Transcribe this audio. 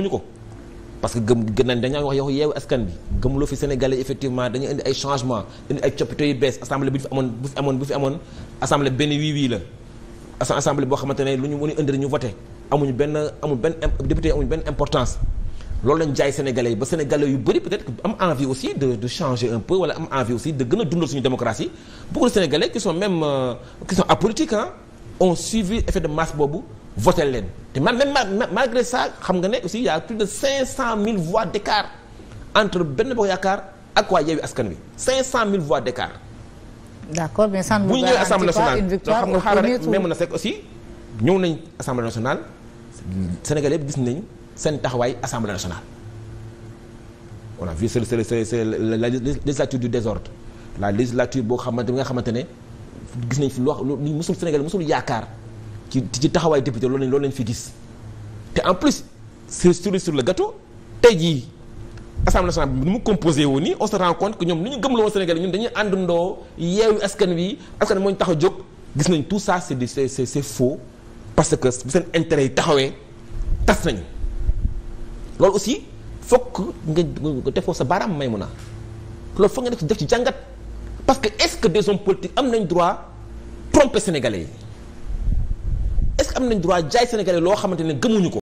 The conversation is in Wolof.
gëmuñu ko parce que gëm gën nañ dañaa wax yow yeewu askan bi gëmuloo fi sénégalais effectivement dañu indi ay changement indi ay coppite yu bees assemblée bi ñu fi amoon bu fi amoon bu benn wii wii la assemblée boo xamante lu ñu mën a ñu voté amuñu benn amuñu benn importance loolu lañ jaay sénégalais yi ba sénégalais yu bëri peut-être am envie aussi de changer un peu wala am envie aussi de gën a dundal suñu démocratie beaucoup de sénégalais qui voté leen te man même malgré ça xam nga ne aussi y a plus de 500000 voix d'écart entre Benno Bokk Yaakaar ak waa Yewwi Askan Wi 500000 voix d'écart. d'accord mais ça ne vous garantit pas une victoire bu ñu ñëwee assemblée nationale xam nga xaaral rek même na sekk aussi ñëw nañ assemblée nationale Sénégalais gis nañ seen taxawaay assemblée nationale. on a se c'est c'est c'est la législature du désordre la législature boo xamante bi nga xamante ne gis nañ fi loo xam lu musul Sénégal musul yaakaar. ci ci taxawaay député loolu lañ loolu lañ fi gis te en plus sur sur le gâteau tey jii assemblée nationale bi nu mu composé woon nii on se compte que ñoom nu ñu gëm la woon Sénégal ñun dañuy àndandoo yeewu askan wi askan wi moo ñu tax a jóg gis nañ tout ça c'est c'est c'est faux parce que bu seen intérêt yi taxawee tas nañu loolu aussi fokk nga defoo sa baaraam may mun a loolu foog nga def ci jàngat parce que est-ce que des hommes politiques am nañ droit tromper sénégalais am nañ droit jaay sénégalais loo xamante ne gëmuñu ko